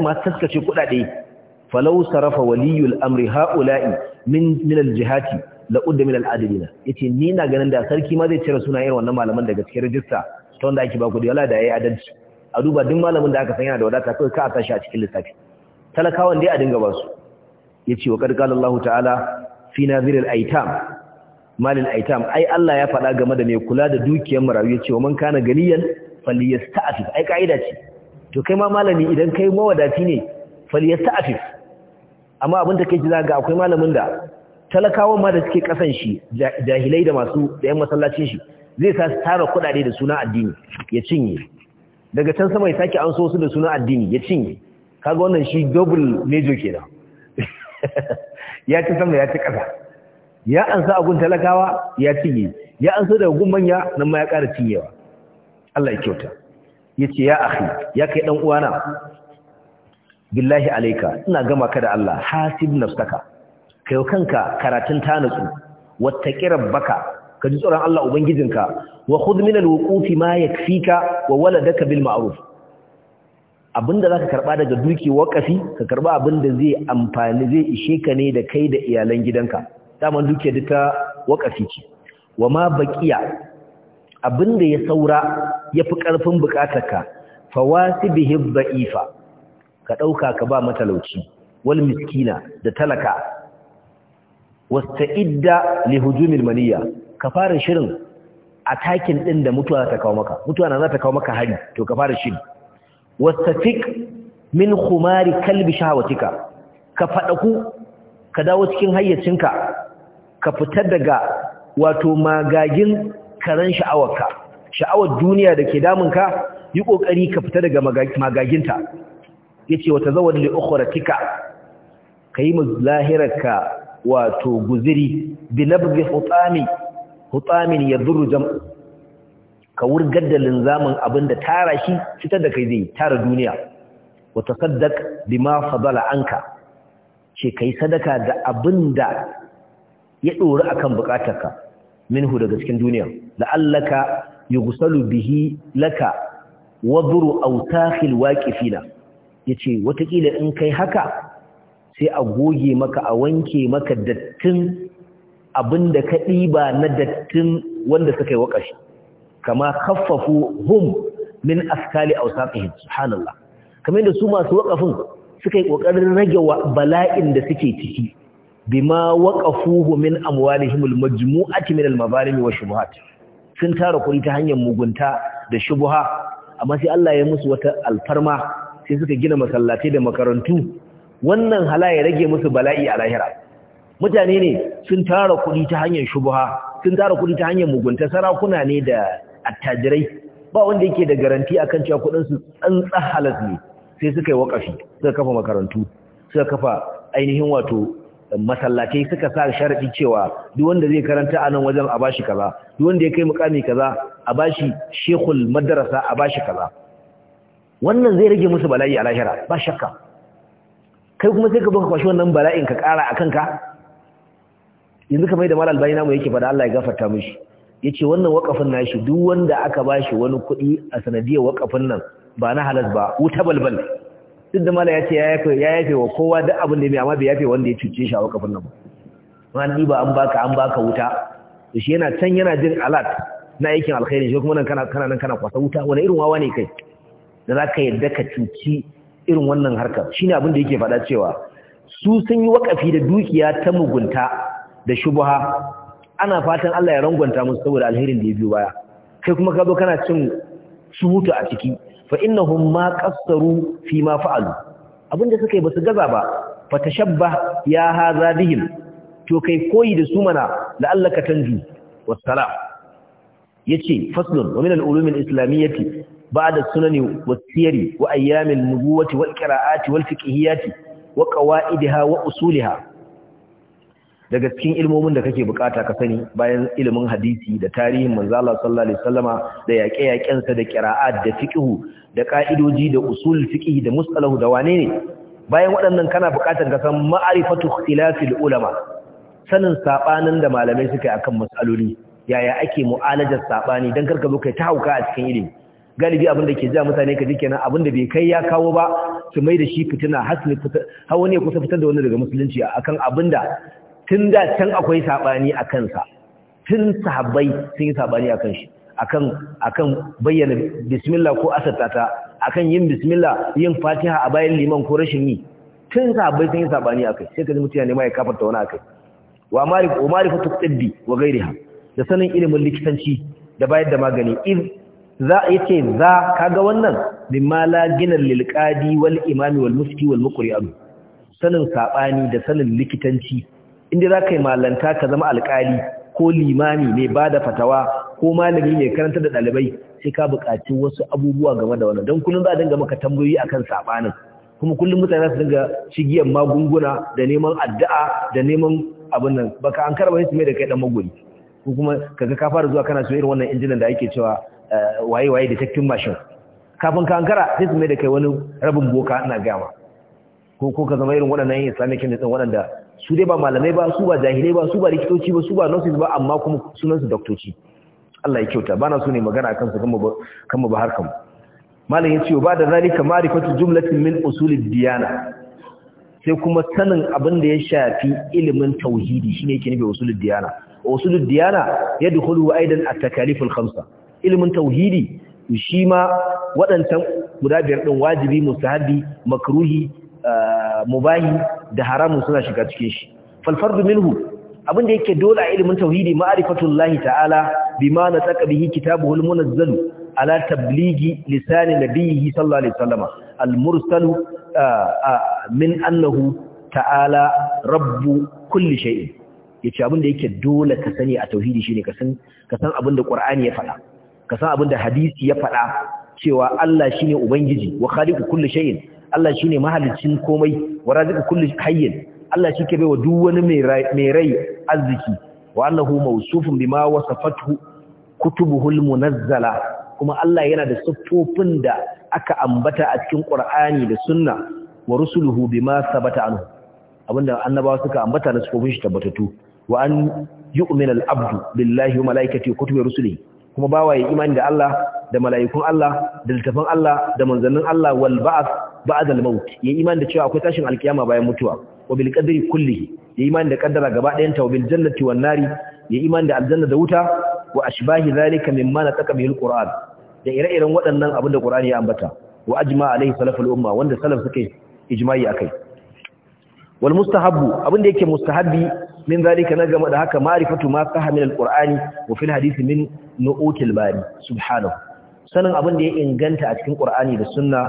masu taskace kuɗaɗe. falau sarafa waliyul amri ha'ula'i min min al-jihati la udda min al-adilina yace ni na ganin da sarki ma zai cire sunayen wannan malaman daga cikin rajista ta wanda ake ba ku da wala da yayi adalci a duba duk malamin da aka san yana da wadata kai ka a shi a cikin lissafi talakawan dai a dinga ba su yace wa qad Allah ta'ala fi nazir al-aitam mal al-aitam ai Allah ya faɗa game da mai kula da dukiyar marayu yace wa man kana ganiyan falyasta'fif ai kaida ce to kai ma malami idan kai mawadaci ne falyasta'fif amma abin da kai ji zaga akwai malamin da talakawan ma da suke kasan shi jahilai da masu da yan masallacin shi zai sa su tara kuɗaɗe da suna addini ya cinye daga can sama ya sake an so su da suna addini ya cinye kaga wannan shi double major kenan ya ci sama ya ci ƙasa ya ansa abun talakawa ya cinye ya ansa daga gun manya nan ma ya ƙara cinyewa Allah ya kyauta yace ya akhi ya kai dan uwana billahi alaika ina gama ka da Allah hasib nafsaka kai kanka karatun tanutsu wattaqi rabbaka ka ji tsoron Allah ubangijinka wa khudh min alwuqufi ma yakfika wa waladaka bil ma'ruf abinda zaka karba daga duki wakafi ka karba abinda zai amfani zai ishe ka ne da kai da iyalan gidanka daman dukiya ta wakafi ce wa ma baqiya abinda ya saura yafi karfin bukatarka fawasibihi dha'ifa ka ɗauka ka ba matalauci wal miskina da talaka wasta'idda li hujumil maniyya ka fara shirin atakin din da mutuwa za ta kawo maka mutuwa na za ta kawo maka hari to ka fara shiri Fik min khumari kalbi shahawatika ka ku ka dawo cikin hayyacinka ka fita daga wato magagin karan sha'awarka sha'awar duniya da ke damunka yi ƙoƙari ka fita daga magaginta yace wata zawar li ukhratika kai mu lahirarka wato guziri bi nabdhi hutami hutamin yadur jam ka wurgar da linzamin abinda tara shi fitar da kai zai tara duniya Wata sadak bima fadala anka ce sadaka da abinda ya a kan bukatarka minhu daga cikin duniya la'allaka yughsalu bihi laka wadru waƙifi na? yace watakila in kai haka sai a goge maka a wanke maka dattin abinda ka ɗiba na dattin wanda suka yi waƙashi kama kaffafu hum min askali awsaqihim subhanallah kamar da su masu waƙafin suka yi ƙoƙarin rage bala'in da suke ciki bima waqafuhu min amwalihim almajmu'ati min almazalim wa shubuhat sun tara kuɗi ta hanyar mugunta da shubuha amma sai Allah ya musu wata alfarma sai suka gina masallatai da makarantu wannan hala ya rage musu bala'i a lahira mutane ne sun tara kuɗi ta hanyar shubha sun tara kuɗi ta hanyar mugunta sarakuna ne da attajirai ba wanda yake da garanti akan cewa kuɗin su tsantsa halas ne sai suka yi wakafi suka kafa makarantu suka kafa ainihin wato masallatai suka sa sharadi cewa duk wanda zai karanta a nan wajen a bashi kaza duk wanda ya kai mukami kaza a bashi shekul madrasa a bashi kaza wannan zai rage musu bala'i a lahira ba shakka kai kuma sai ka baka kwashi wannan bala'in ka kara a kanka yanzu kamar da mal albayina mu yake fada Allah ya gafarta mishi yace wannan wakafin nashi duk wanda aka bashi wani kuɗi a sanadiyar wakafin nan ba na halas ba wuta balbal duk da mala yace ya ce ya yafe wa kowa duk abin da mai amma bai yafe wanda ya cuce shi a wakafin nan ba wani ni ba an baka an baka wuta to shi yana can yana jin alat na aikin alkhairi shi kuma nan kana kana nan kana kwasa wuta wani irin wawa ne kai da za ka yadda ka cuci irin wannan harka shine abin da yake faɗa cewa su sun yi wakafi da dukiya ta mugunta da shubuha ana fatan Allah ya rangwanta musu saboda alherin da ya biyo baya kai kuma ka zo kana cin suhutu a ciki fa innahum ma qassaru fi ma fa'alu abinda suka yi basu gaza ba fa tashabba ya hadha bihim to kai koyi da su mana la'allaka tanju wassalam yace faslun wa min al-ulum al-islamiyyati بعد السنن والسير وأيام النبوة والقراءات والفقهيات وقواعدها وأصولها daga cikin ilmomin da kake bukata ka sani bayan ilimin hadisi da tarihin manzo Allah sallallahu alaihi wasallama da yaƙe sa da qira'at da fiqhu da ka'idoji da usul fiqh da mustalahu da wane ne bayan waɗannan kana bukatar ka san ma'rifatu ikhtilafil ulama sanin sabanin da malamai suka yi akan mas'aloli yaya ake mu'alajar sabani dan karka zo kai ta hauka a cikin ilimi galibi abin da ke ja mutane ka ji kenan abin da bai kai ya kawo ba su mai da shi fitina har wani ya kusa fitar da wani daga musulunci akan abin da tun da can akwai saɓani a kansa tun sahabbai sun yi saɓani a kan shi akan akan bayyana bismillah ko asatata akan yin bismillah yin fatiha a bayan liman ko rashin yi tun sahabbai sun yi saɓani a kai sai ka ji mutane ma ya kafarta wani a kai wa marifa tibbi wa ha, da sanin ilimin likitanci da bayar da magani za a yace za kaga wannan mimma mala ginar lil qadi wal imam wal muski wal sanin sabani da sanin likitanci inda za kai malanta ka zama alkali ko limami ne da fatawa ko malami ne karanta da dalibai sai ka buƙaci wasu abubuwa game da wannan don kullum za a dinga maka tambayoyi akan sabanin kuma kullum mutane za su dinga shigiyan magunguna da neman addu'a da neman abin nan baka an karba su mai da kai dan magoyi ko kuma kaga ka fara zuwa kana so irin wannan injinan da ake cewa Eh, waye-waye detecting machine kafin ka ankara sai su mai da kai wani rabin boka ina gama ko ko ka zama irin waɗannan islamic kingdom ɗin waɗanda su dai ba malamai ba su ba jahilai ba su ba likitoci ba su ba nurses ba amma kuma sunan su doktoci Allah ya kyauta bana so ne magana akan su kan mu ba harkan malam ya ce ba da zalika ma'rifatu jumlatin min usulid diyana sai kuma sanin abin da ya shafi ilimin tauhidi shine yake nufi usulid diyana usulid diyana yadkhulu aidan at-takalif al-khamsa ilimin tauhidi shi ma waɗancan guda biyar ɗin wajibi mustahabi makruhi eh, mubahi da haramun suna shiga cikin shi falfardu minhu abin da yake dole a ilimin tauhidi ma'rifatullahi ta'ala bima na tsaka bihi kitabuhul munazzal ala tabligi lisani nabiyhi sallallahu alaihi wasallam al-mursalu eh, eh, min annahu ta'ala rabbu kulli shay'in yace abin da yake dole ka sani a tauhidi shine ka san ka san abin da qur'ani ya faɗa ka san abin da hadisi ya faɗa cewa Allah ne ubangiji wa khaliqu kulli shay'in Allah ne mahalicin komai wa raziqu kulli hayyin Allah shi ke baiwa duk wani mai rai arziki wa annahu mawsufun bima wasafathu kutubuhul munazzala kuma Allah yana da sifofin da aka ambata a cikin Qur'ani da Sunna wa rusuluhu bima sabata anhu abinda annabawa suka ambata na siffofin shi tabbatatu wa an yu'minu al-abdu billahi wa malaikatihi wa kutubi rusulihi kuma bawa ya imani da Allah da mala'ikun Allah da littafin Allah da manzannin Allah wal ba'ath ba'd al maut ya imani da cewa akwai tashin alkiyama bayan mutuwa wa bil qadri kullihi ya imani da ƙaddara gaba ɗayan ta jannati wan nari ya imani da aljanna da wuta wa ashbahi zalika mimma mana bihi al qur'an da ire-iren waɗannan abin da qur'ani ya ambata wa ajma alaihi salaful umma wanda salaf suke ijma'i kai. wal mustahabbu abin da yake mustahabbi min zalika na game da haka ma'rifatu ma saha min alqur'ani wa fil hadisi min nu'util bari subhanahu sanin abin da ya inganta a cikin qur'ani da sunna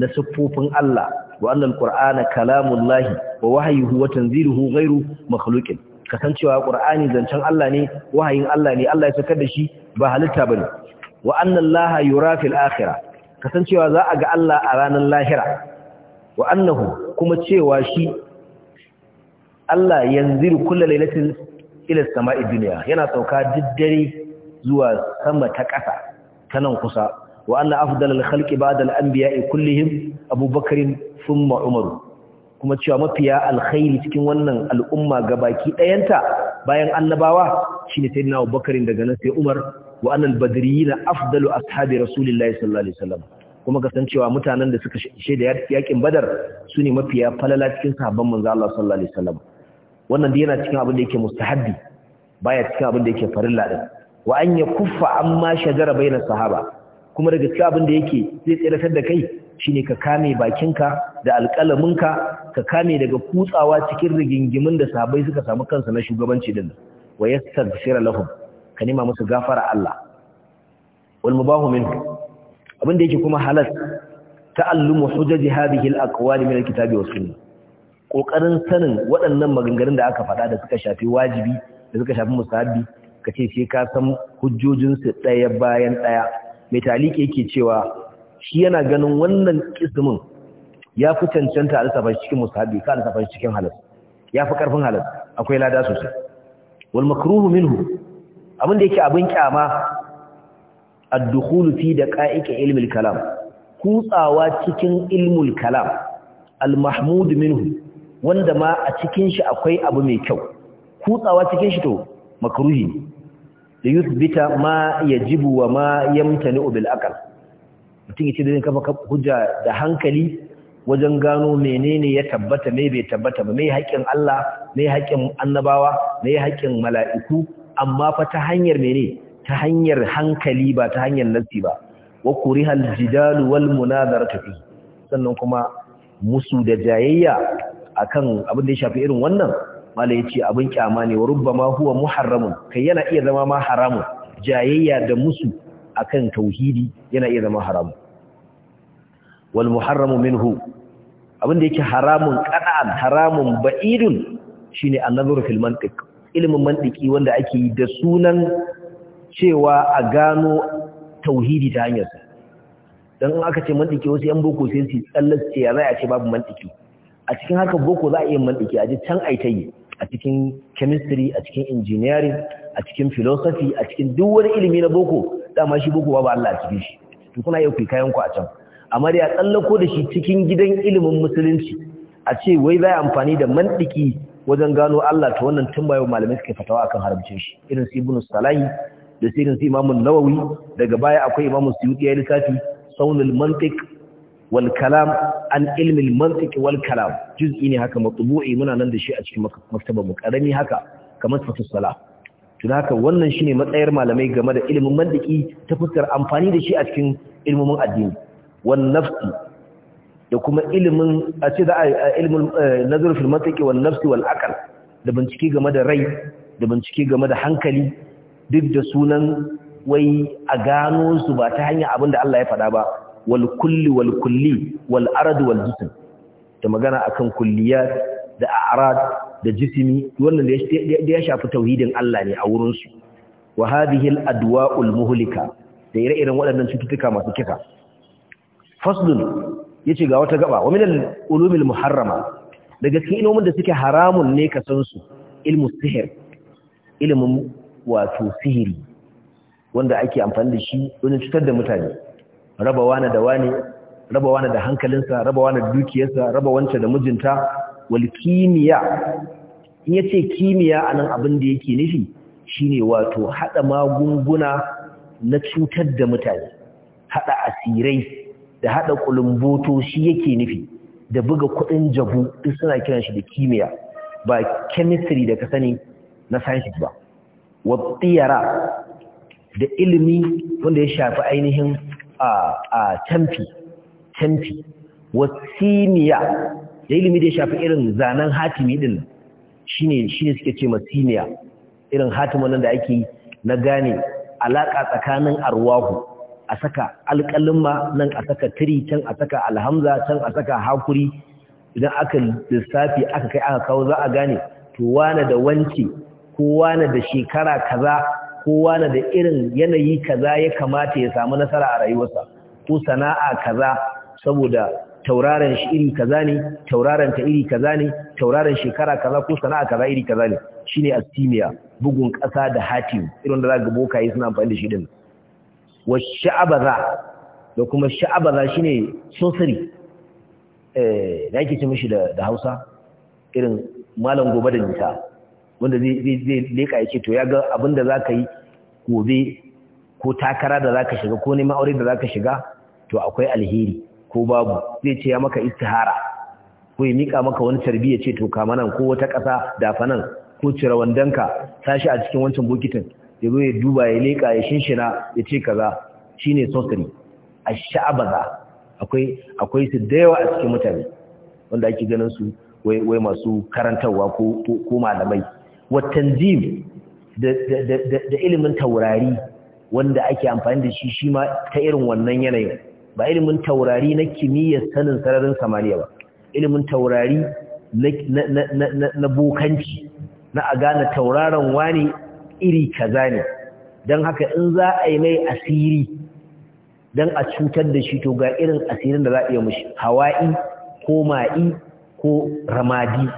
na siffofin Allah wa annal qur'ana kalamullahi wa wahyuhu wa tanziruhu ghairu makhluqin kasancewa qur'ani zancen Allah ne wahayin Allah ne Allah ya saukar da shi ba halitta bane wa anna allaha yura fil akhirah kasancewa za a ga Allah a ranar lahira wa annahu kuma cewa shi Allah yanziru kulla lailatin ila sama'i duniya yana sauka diddare zuwa sama ta ƙasa ta nan kusa wa anna afdalul khalqi ba'da al-anbiya'i kullihim Abubakar thumma Umar kuma cewa mafiya alkhairi cikin wannan al'umma gabaki ɗayanta bayan annabawa shine sayyidina Abubakar daga nan sai Umar wa annal badriyina afdalu ashabi rasulillahi sallallahu alaihi wasallam kuma kasancewa mutanen da suka shaida yakin badar sune mafiya falala cikin sahabban manzo Allah sallallahu alaihi wasallam wannan da yana cikin abin da yake mustahabbi baya cikin abin da yake farilla din wa an ya kuffa amma shajara bainas sahaba kuma daga cikin abin da yake zai tsiratar da kai shine ka kame bakinka da alƙalaminka ka kame daga kutsawa cikin rigingimin da sahabbai suka samu kansa na shugabanci din wa yastaghfir lahum ka nema musu gafara Allah wal mubahu min abin da yake kuma halal ta'allumu hujaji hadhihi al aqwali min al kitabi was sunnah kokarin sanin waɗannan maganganun da aka faɗa da suka shafi wajibi da suka shafi musabbi ka ce sai ka san hujjojinsu ɗaya bayan ɗaya mai talike yake cewa shi yana ganin wannan kismin ya fi cancanta a lissafin cikin musabbi ka lissafin cikin halal ya fi karfin halal akwai lada sosai wal makruhu minhu abin da yake abin kyama ad-dukhulu fi daqa'iq ilmi al-kalam kutsawa cikin ilmul kalam al-mahmud minhu wanda ma a cikin shi akwai abu mai kyau kutsawa cikin shi to makruhi ne da yuthbita ma yajibu wa ma yamtani bil aqal mutum yace da kafa hujja da hankali wajen gano menene ya tabbata me bai tabbata ba me haƙin Allah me haƙin annabawa me haƙin mala'iku amma fa ta hanyar mene ta hanyar hankali ba ta hanyar nassi ba wa kurihal jidalu wal munadaratu sannan kuma musu da jayayya akan abin da ya shafi irin wannan mala ya ce abin kyama ne wa ma huwa muharramun kai yana iya zama ma haramun jayayya da musu akan tauhidi yana iya zama haramun wal Min Hu, abin da yake haramun qad'an haramun ba'idun shine an-nazaru fil mantiq ilmin wanda ake yi da sunan cewa a gano tauhidi ta hanyarsa dan aka ce mantiki wasu yan boko sai su tsallace ya za a ce babu mantiki a cikin haka boko za a iya mantiki a ji can ai yi a cikin chemistry a cikin engineering a cikin philosophy a cikin duk wani ilimi na boko dama shi boko ba Allah a cikin shi to kuna iya kayan ku a can amma da ya tsallako da shi cikin gidan ilimin musulunci a ce wai za a amfani da mantiki wajen gano Allah ta wannan tun bayan malamai suke fatawa akan haramcin shi irin su Ibn salahi da su irin su imamu nawawi daga baya akwai imamu suyuti ya lissafi, saunul mantiq wal kalam an ilmi al-mantiq wal kalam juz'i ne haka matbu'i muna nan da shi a cikin maktabar mu karami haka kamar fatus salah tun haka wannan shine matsayar malamai game da ilimin mantiki ta fuskar amfani da shi a cikin ilmin addini wan nafsi da kuma ilimin a ce za a ilimin eh, nazarin fil mantiki wan nafsi wal aqal da bincike game da rai da bincike game da hankali duk da sunan wai a gano su ba ta hanya abin da Allah ya faɗa ba wal kulli wal kulli wal arad wal jism da magana akan kulliya da a'rad da jisimi wannan da ya shafi tauhidin Allah ne a wurin su wa hadhihi al da ire-iren waɗannan cututtuka masu kika faslun ce ga wata gaba wa min ulumil muharrama daga cikin ilimin da suke haramun ne ka san su ilmu sihir ilimin wato sihiri wanda ake amfani da shi wajen cutar da mutane raba wani da wani raba wani da hankalinsa raba wani da dukiyarsa raba wancan da mijinta wal kimiya in yace kimiya anan abin da yake nufi shine wato hada magunguna na cutar da mutane hada asirai da hada kulumboto shi yake nufi da buga kudin jabu duk suna kiran shi da kimiya ba chemistry da ka sani na science ba wa tiyara da ilimi wanda ya shafi ainihin a canfi canfi wasiniya da ilimi da ya shafi irin zanen hatimi din shine shine suke ce masiniya irin hatimin nan da ake na gane alaka tsakanin arwahu a saka alƙalimma nan a saka tiri can a saka alhamza can a saka hakuri idan aka lissafi aka kai aka kawo za a gane to wane da wance ko wane da shekara kaza kowa na da irin yanayi kaza ya kamata ya samu nasara a rayuwarsa ko sana'a kaza saboda tauraron shi iri kaza ne tauraron ta iri kaza ne tauraron shekara kaza ko sana'a kaza iri kaza ne shine astimiya bugun ƙasa da hatim irin da za ga bokaye suna amfani da shi din wa sha'abaza da kuma sha'abaza shine sosiri eh da yake ci mishi da Hausa irin malam gobe da nita wanda zai leka ya ce to ya ga abin da za ka yi gobe ko takara da za ka shiga ko neman aure da za ka shiga to akwai alheri ko babu zai ce ya maka istihara ko ya mika maka wani tarbiyya ce to kama nan ko wata ƙasa dafanan ko cire wandonka tashi a cikin wancan bokitin ya zo ya duba ya leka ya shinshina ya ce kaza shine sosiri a sha'abaza akwai akwai su da yawa a cikin mutane wanda ake ganin su wai masu karantarwa ko malamai watanzim da ilimin taurari wanda ake amfani da shi shi ma ta irin wannan yanayin ba ilimin taurari na kimiyyar sanin sararin samaniya ba ilimin taurari na bokanci na a gane tauraron wani iri kaza ne don haka in za a yi mai asiri don a cutar da shi to ga irin asirin da za a iya mashi hawa'i ko ma'i ko ramadi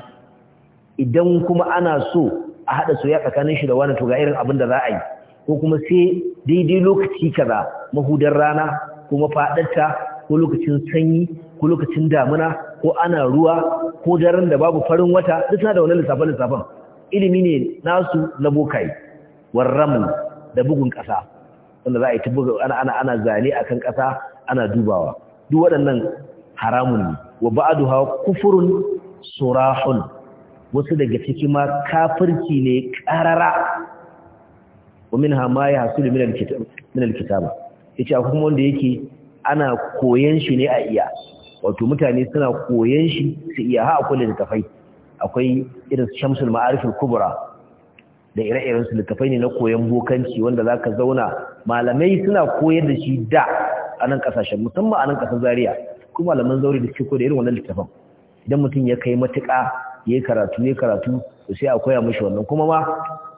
idan kuma ana so a haɗa soyayya tsakanin shi da wani to ga irin abin da za a yi ko kuma sai daidai lokaci kaza mahudar rana ko mafaɗarta ko lokacin sanyi ko lokacin damuna ko ana ruwa ko daren da babu farin wata duk suna da wani lissafe-lissafen ilimi ne nasu na bokai warram da bugun ƙasa wanda za a yi tabbuga ana ana ana zane akan ƙasa ana dubawa duk waɗannan haramun ne wa ba'adu ha kufurun surahun wasu daga ciki ma kafirci ne karara wa minha ma yahsul min alkitab min alkitaba yace akwai kuma wanda yake ana koyan shi ne a iya wato mutane suna koyan shi su iya ha akwai littafai akwai irin shamsul ma'arifin kubra da ire-iren su littafai ne na koyan bokanci wanda zaka zauna malamai suna koyar da shi da a nan kasashen musamman a nan kasar zaria kuma malaman zauri da suke koyar da irin wannan littafin idan mutum ya kai matuƙa ya karatu ya karatu to sai a koya mishi wannan kuma ma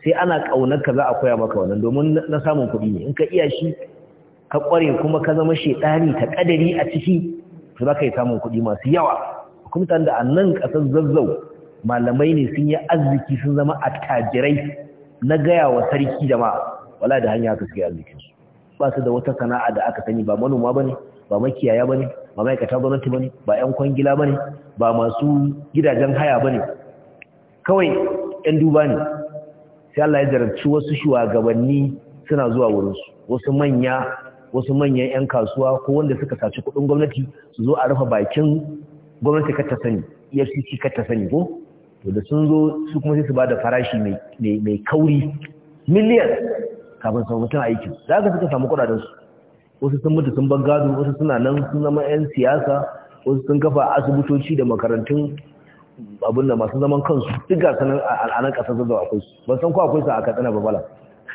sai ana ƙaunar ka za a koya maka wannan domin na samun kuɗi ne in ka iya shi ka ƙware kuma ka zama shedani ta kadari a ciki to za ka yi samun kuɗi masu yawa kuma tan da nan kasar zazzau malamai ne sun yi arziki sun zama attajirai na gaya wa sarki jama'a wala da hanya ka suke arzikin ba su da wata sana'a da aka sani ba manoma bane ba makiyaya bane ba ma'aikata gwamnati bane ba ƴan kwangila bane ba masu gidajen haya bane kawai ƴan duba ne sai Allah ya jarabci wasu shugabanni suna zuwa wurin su wasu manya wasu manyan ƴan kasuwa ko wanda suka saci kuɗin gwamnati su zo a rufe bakin gwamnati kar ta sani EFCC kar ta sani ko to da sun zo su kuma sai su bada farashi mai kauri miliyan kafin su mutum aikin za ka suka samu su wasu sun mutu sun bar gado wasu suna nan sun zama 'yan siyasa wasu sun kafa asibitoci da makarantun abin da masu zaman kansu duk ga sanan al'anar ƙasar da akwai su ban san ko akwai su a katsina ba bala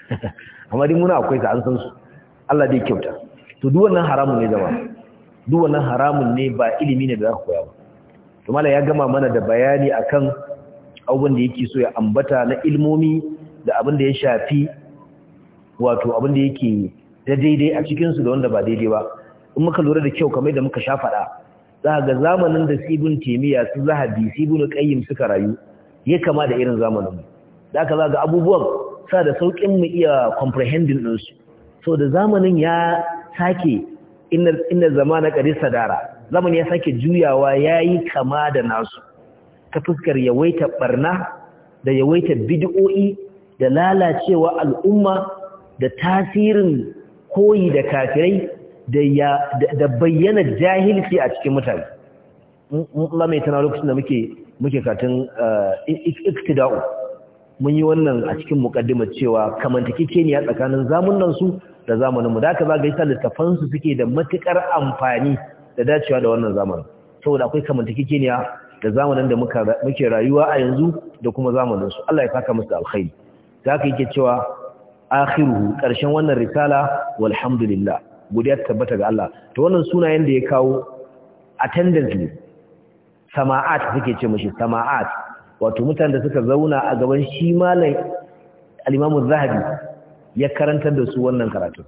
amma dai muna akwai su an san su Allah dai kyauta to duk wannan haramun ne zama duk wannan haramun ne ba ilimi ne da za ku koya ba to mala ya gama mana da bayani akan abin da yake so ya ambata na ilmomi da abin da ya shafi wato abin da yake da daidai a cikinsu da wanda ba daidai ba in muka lura da kyau kamar da muka sha faɗa za ga zamanin da sibin Taimiyya su zahabi sibin qayyim suka rayu ya kama da irin zamanin mu da aka za ga abubuwan sa da saukin mu iya comprehending din su so da zamanin ya sake inna inna zamana qadi sadara zamanin ya sake juyawa yayi kama da nasu Ka fuskar yawaita barna da yawaita bid'o'i da lalacewa al'umma da tasirin koyi da kafirai da bayyana jahilci a cikin mutane Allah tana lokacin da muke muke katin eh, iktida'u mun yi wannan a cikin mukaddimar cewa kamantakekeniya tsakanin zamunan da zamanin mu da aka zaga yasa littafan su suke da matukar amfani da dacewa da wannan zamanin saboda akwai ne da zamanin da muke rayuwa a yanzu da kuma zamanin su Allah ya saka musu alkhairi zaka yake cewa akhiruhu ƙarshen wannan risala walhamdulillah godiya ta tabbata ga Allah to wannan sunayen da ya kawo attendance sama'at suke ce mashi sama'at wato mutanen da suka zauna a gaban shi malam al-Imam zahabi ya karantar da su wannan karatu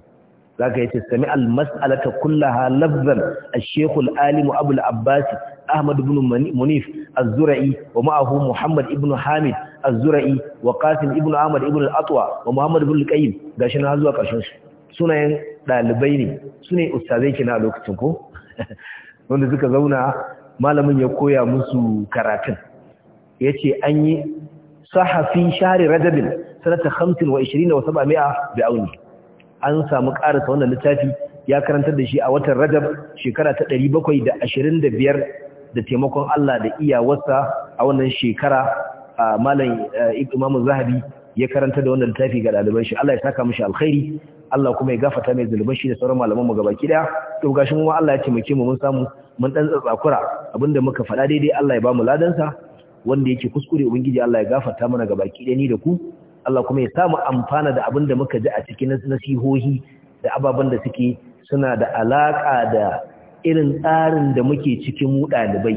zaka yace sami al-mas'alata kullaha lafzan al-Sheikh al-Alim Abu al-Abbas أحمد بن منيف الزرعي ومعه محمد بن حامد الزرعي وقاسم بن عمر بن الأطوى ومحمد بن القيم قاشنا هزوا قاشنا سنين ɗalibai sune ustazai kina a lokacin ko wanda suka zauna malamin ya koya musu karatun ya ce an yi sahafi share rajabin sanata 25 wa 20 wa 700 auni an samu ƙarasa wannan littafi ya karantar da shi a watan rajab shekara ta 725 da taimakon Allah da iyawarsa a wannan shekara a malam Imam Zahabi ya karanta da wannan littafi ga ɗaliban shi Allah ya saka mishi alkhairi Allah kuma ya gafarta mai zulubin shi da sauran malaman mu gabaki daya to gashi mu Allah ya taimake mu mun samu mun dan kura abinda muka faɗa daidai Allah ya ba mu ladan sa wanda yake kuskure ubangiji Allah ya gafarta mana gabaki daya ni da ku Allah kuma ya samu amfana da abinda muka ji a cikin nasihohi da ababen da suke suna da alaka da irin tsarin da muke cikin mu ɗalibai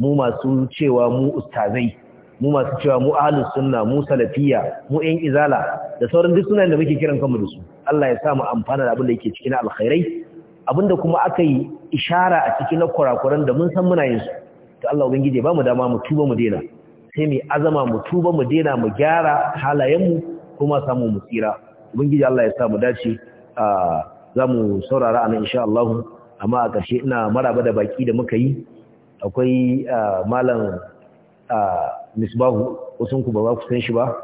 mu masu cewa mu ustazai mu masu cewa mu ahlus sunna mu salafiya mu ƴan izala da sauran duk sunan da muke kiran kanmu da su Allah ya sa mu amfana da abin da yake cikin alkhairai abinda kuma aka yi ishara a cikin na kurakuran da mun san muna yin su to Allah ubangije ba mu dama mu tuba mu daina, sai mu azama mu tuba mu daina, mu gyara halayen mu kuma samu mu tsira ubangije Allah ya sa mu dace ah, za mu saurara anan insha Allah amma a ƙarshe ina maraba da baki da muka yi akwai malam misbahu wasun ku ba za ku san shi ba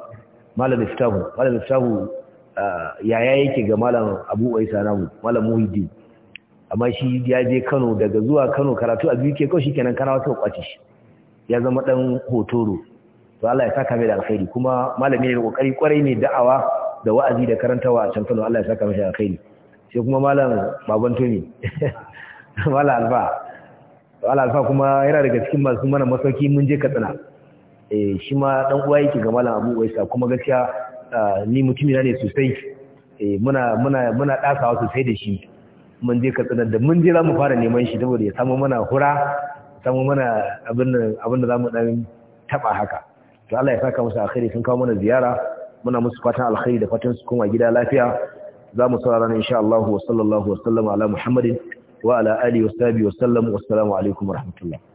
malam misbahu malam misbahu yaya yake ga malam abu waisa namu malam muhidi amma shi ya je kano daga zuwa kano karatu a biyu ke kawai shi kenan kana wata kwaci shi ya zama dan hotoro to Allah ya saka mai da alkhairi kuma malami ne da kokari kwarai ne da'awa da wa'azi da karantawa a can Kano Allah ya saka mai da alkhairi sai kuma malam baban Tony wala alfa wala alfa kuma yana daga cikin masu mana masauki mun je katsina eh shi ma dan uwa yake ga malam abu waisa kuma gaskiya ah, ni mutumi na ne sosai eh muna muna muna dasawa sosai da shi mun je katsina da mun je zamu fara neman shi saboda ya samu mana hura samu mana abin da abin da zamu dan taba haka to Allah ya saka musu alkhairi sun kawo mana ziyara muna musu fatan alkhairi da fatan su koma gida lafiya za mu saurara insha Allah wa sallallahu wa sallama ala Muhammadin wa ala alihi wa sahbihi wa sallam wassalamu alaikum warahmatullahi